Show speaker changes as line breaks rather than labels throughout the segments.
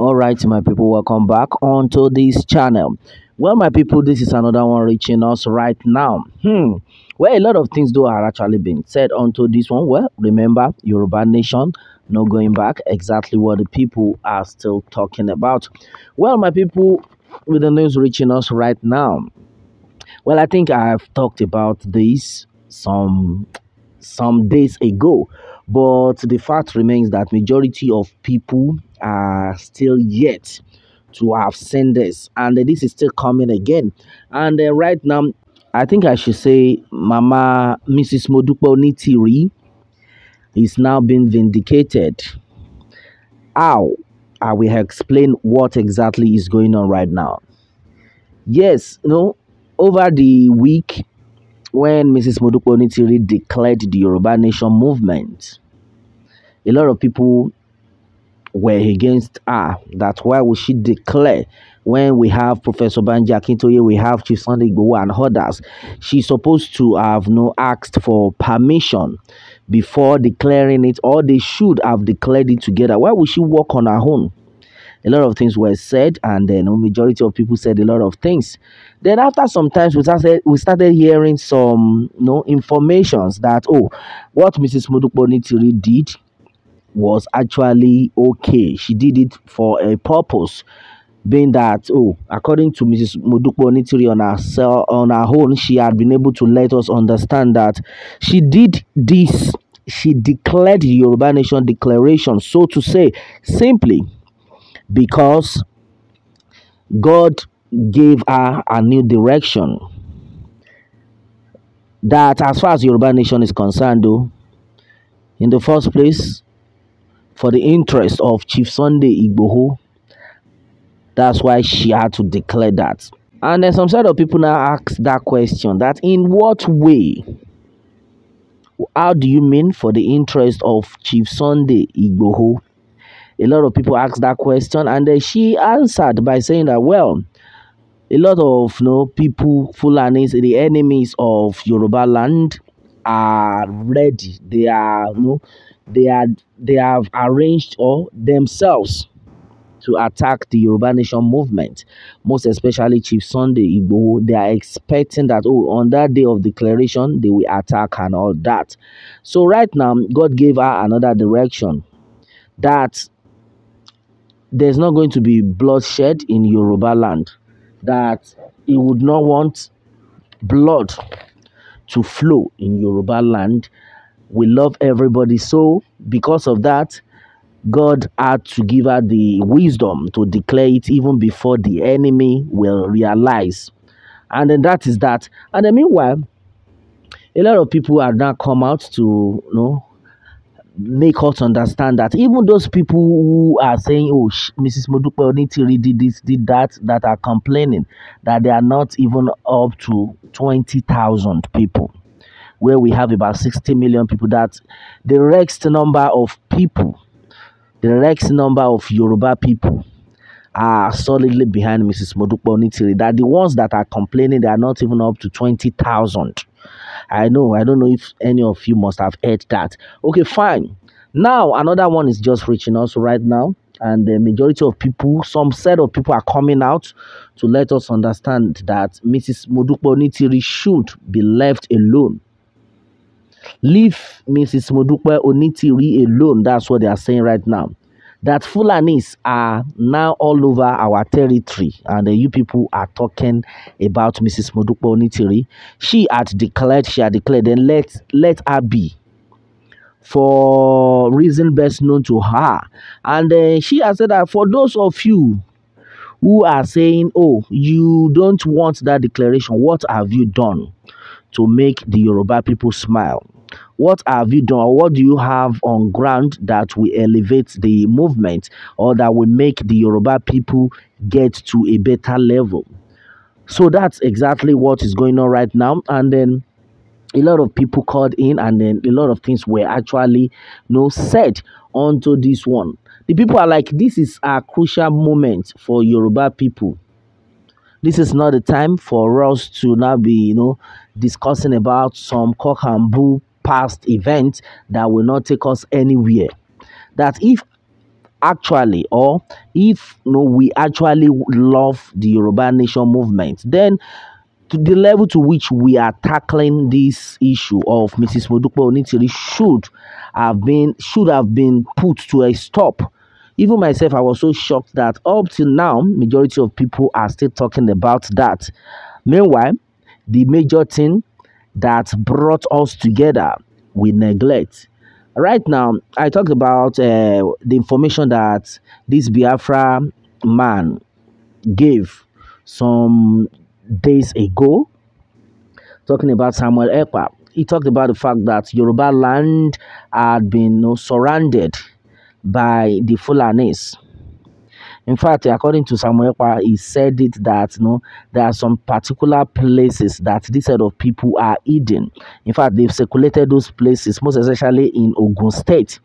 all right my people welcome back onto this channel well my people this is another one reaching us right now hmm well a lot of things do are actually being said onto this one well remember yoruba nation no going back exactly what the people are still talking about well my people with the news reaching us right now well i think i've talked about this some some days ago but the fact remains that majority of people are still yet to have seen this, and uh, this is still coming again. And uh, right now, I think I should say, Mama Mrs. Modupo Nitiri is now being vindicated. How? I will explain what exactly is going on right now. Yes, no, over the week, when Mrs. Modupe Onitiri declared the Yoruba Nation movement, a lot of people were against her. That why would she declare when we have Professor Banji Akintoye, we have Chief Sunday Igbowo and others. She's supposed to have no asked for permission before declaring it or they should have declared it together. Why would she work on her own? a lot of things were said and then a majority of people said a lot of things then after some times we started we started hearing some you know informations that oh what mrs modupo nitiri did was actually okay she did it for a purpose being that oh according to mrs modupo nitiri on her on her own she had been able to let us understand that she did this she declared the Yoruba Nation declaration, so to say, simply because God gave her a new direction. That, as far as Yoruba Nation is concerned, though, in the first place, for the interest of Chief Sunday Igboho, that's why she had to declare that. And then some set of people now ask that question that in what way? How do you mean for the interest of Chief Sunday Igboho? a lot of people asked that question and she answered by saying that well a lot of you know, people fulanis the enemies of yoruba land are ready they are you know, they are they have arranged or themselves to attack the Yoruba Nation movement, most especially Chief Sunday They are expecting that, oh, on that day of declaration, they will attack and all that. So right now, God gave her another direction that there's not going to be bloodshed in Yoruba land, that he would not want blood to flow in Yoruba land. We love everybody. So, because of that, God had to give her the wisdom to declare it even before the enemy will realize. And then that is that. And then meanwhile, a lot of people have now come out to you know make us understand that even those people who are saying, "Oh, Mrs. Modupe Onitiri did this, did that," that are complaining that they are not even up to twenty thousand people, where we have about sixty million people. That the next number of people, the next number of Yoruba people are solidly behind Mrs. Modupe Onitiri. That the ones that are complaining they are not even up to twenty thousand I know, I don't know if any of you must have heard that. Okay, fine. Now, another one is just reaching us right now, and the majority of people, some set of people, are coming out to let us understand that Mrs. Modupo Onitiri should be left alone. Leave Mrs. Modupe Onitiri alone. That's what they are saying right now that Fulanis are now all over our territory, and uh, you people are talking about Mrs. Modupo Nitiri. She had declared, she had declared, then let, let her be for reason best known to her. And uh, she has said that for those of you who are saying, oh, you don't want that declaration, what have you done to make the Yoruba people smile? what have you done or what do you have on ground that will elevate the movement or that will make the Yoruba people get to a better level? So that's exactly what is going on right now. And then a lot of people called in and then a lot of things were actually you know, said onto this one. The people are like, this is a crucial moment for Yoruba people this is not the time for us to now be you know discussing about some cock and bull past events that will not take us anywhere. That if actually or if you no know, we actually love the Yoruba nation movement, then to the level to which we are tackling this issue of Mrs. Modupe Onitiri should have been should have been put to a stop. Even myself, I was so shocked that up till now, majority of people are still talking about that. Meanwhile, the major thing that brought us together, we neglect. Right now, I talked about uh, the information that this Biafra man gave some days ago, talking about Samuel Ekpa. He talked about the fact that Yoruba land had been you know, surrounded by the Fulanis. In fact, according to Samuel he said it that you no, know, there are some particular places that this set of people are hidden. In fact, they've circulated those places, most especially in Ogun State.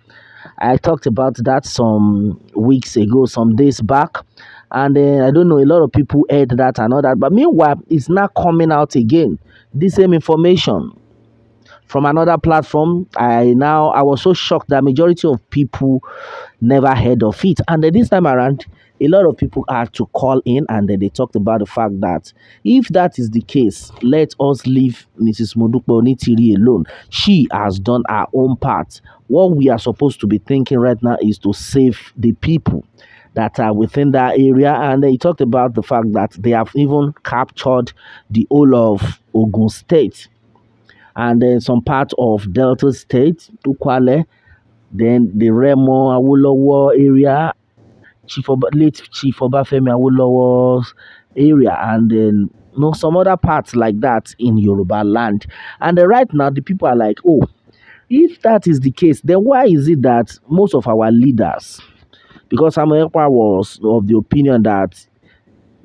I talked about that some weeks ago, some days back. And uh, I don't know, a lot of people heard that and all that. But meanwhile, it's now coming out again. The same information from another platform. I now I was so shocked that majority of people never heard of it. And uh, this time around, a lot of people had to call in and then they talked about the fact that if that is the case, let us leave Mrs. Modupe Onitiri alone. She has done her own part. What we are supposed to be thinking right now is to save the people that are within that area. And they talked about the fact that they have even captured the whole of Ogun State and then some part of Delta State, Ukwale, then the Remo Awolowo area, Chief Oba, late Chief Obafemi Awolowo's area and then you know, some other parts like that in Yoruba land. And uh, right now, the people are like, oh, if that is the case, then why is it that most of our leaders, because Samuel Ekpa was of the opinion that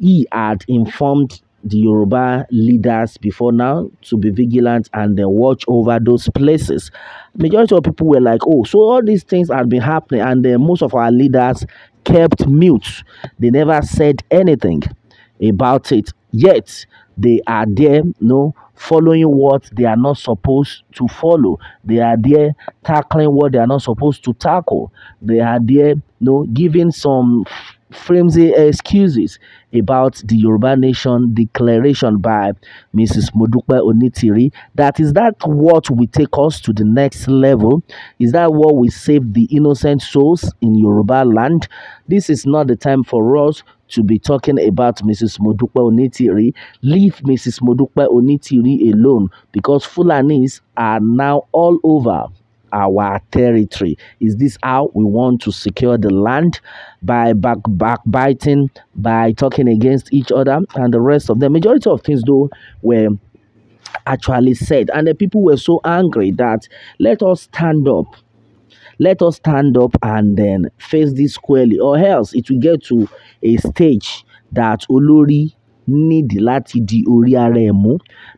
he had informed the Yoruba leaders before now to be vigilant and then watch over those places. Majority of people were like, oh, so all these things had been happening, and then most of our leaders kept mute. They never said anything about it. Yet they are there, no, following what they are not supposed to follow. They are there tackling what they are not supposed to tackle. They are there, no, giving some frames excuses about the Yoruba Nation declaration by Mrs. Modupe Onitiri. That is that what will take us to the next level? Is that what will save the innocent souls in Yoruba land? This is not the time for us to be talking about Mrs. Modupe Onitiri. Leave Mrs. Modupe Onitiri alone because Fulanis are now all over our territory. Is this how we want to secure the land? By back backbiting, by talking against each other and the rest of the majority of things though were actually said and the people were so angry that let us stand up let us stand up and then face this squarely or else it will get to a stage that olori need láti di orí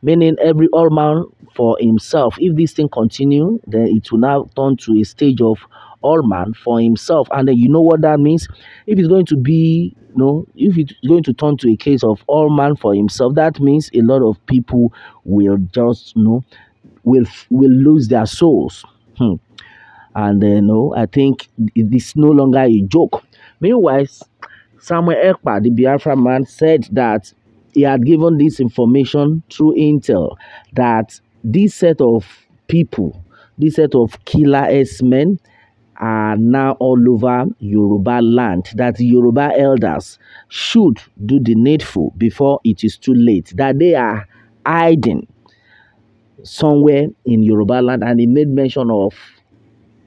meaning every all man for himself if this thing continue then it will now turn to a stage of all man for himself and then you know what that means if it's going to be you know if it's going to turn to a case of all man for himself that means a lot of people will just you know will will lose their souls hmm. and then you know i think it is no longer a joke meanwhile samuel ekpa the biafra man said that he had given this information through intel that this set of people, this set of killer S-men are now all over Yoruba land, that Yoruba elders should do the needful before it is too late, that they are hiding somewhere in Yoruba land, and he made mention of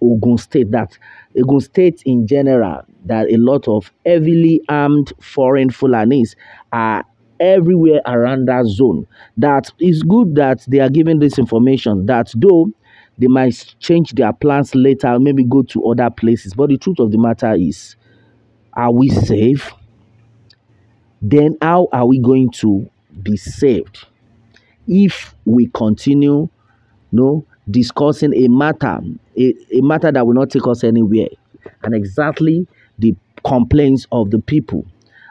Ogun State, that Ogun State in general, that a lot of heavily armed foreign Fulanis are everywhere around that zone. That is good that they are giving this information that though they might change their plans later, maybe go to other places. But the truth of the matter is, are we safe? Then how are we going to be saved if we continue no discussing a matter a, a matter that will not take us anywhere and exactly the complaints of the people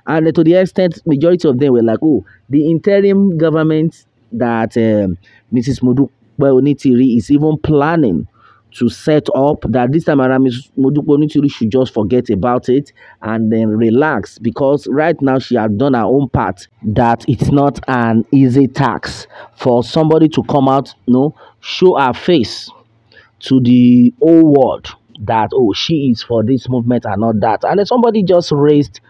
and to the extent majority of them were like oh the interim government that um, mrs modupe onitiri is even planning to set up that this time around mrs modupe onitiri should just forget about it and then relax because right now she has done her own part that it's not an easy tax for somebody to come out you know show her face to the whole world that oh she is for this movement and not that and then somebody just raised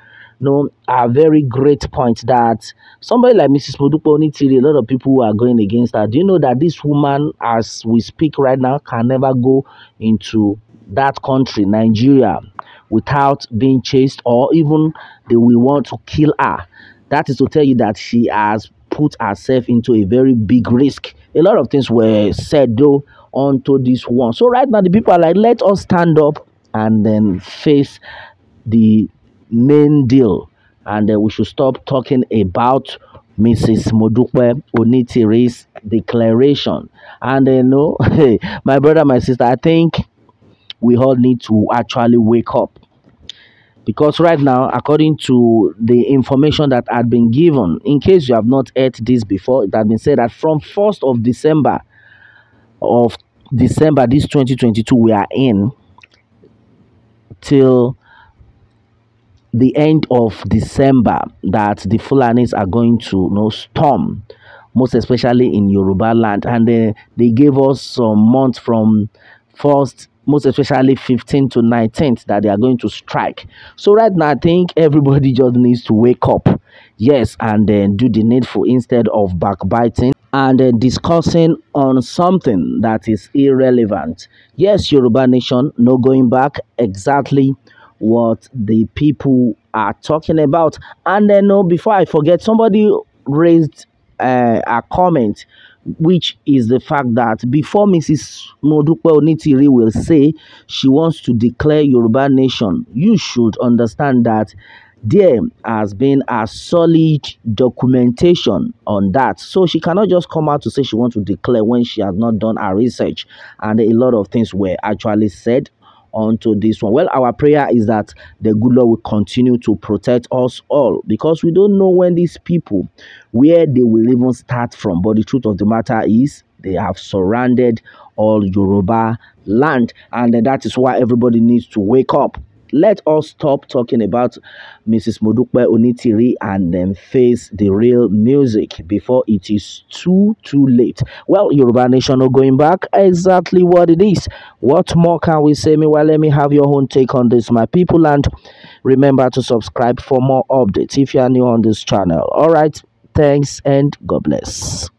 know, are very great points that somebody like Mrs. Modupo Onitiri, a lot of people are going against her. Do you know that this woman, as we speak right now, can never go into that country, Nigeria, without being chased or even they will want to kill her? That is to tell you that she has put herself into a very big risk. A lot of things were said though onto this one. So right now the people are like, let us stand up and then face the main deal, and uh, we should stop talking about Mrs. Modupe Onitiri's declaration. And you uh, know, hey, my brother, my sister, I think we all need to actually wake up. Because right now, according to the information that had been given, in case you have not heard this before, it has been said that from 1st of December of December this 2022 we are in till the end of December that the Fulanis are going to you know, storm, most especially in Yoruba land. And they, uh, they gave us some months from first most especially 15 to 19th that they are going to strike so right now i think everybody just needs to wake up yes and then uh, do the needful instead of backbiting and uh, discussing on something that is irrelevant yes yoruba nation no going back exactly what the people are talking about. And then, no, oh, before I forget, somebody raised uh, a comment, which is the fact that before Mrs. Modupe Onitiri will say she wants to declare Yoruba nation, you should understand that there has been a solid documentation on that. So she cannot just come out to say she wants to declare when she has not done her research. And a lot of things were actually said onto this one. Well, our prayer is that the good Lord will continue to protect us all because we don't know when these people, where they will even start from. But the truth of the matter is they have surrounded all Yoruba land and that is why everybody needs to wake up let us stop talking about Mrs. Modupe Onitiri and then face the real music before it is too, too late. Well, Yoruba Nation are going back. Exactly what it is. What more can we say? Meanwhile, well, let me have your own take on this, my people. And remember to subscribe for more updates if you are new on this channel. All right. Thanks and God bless.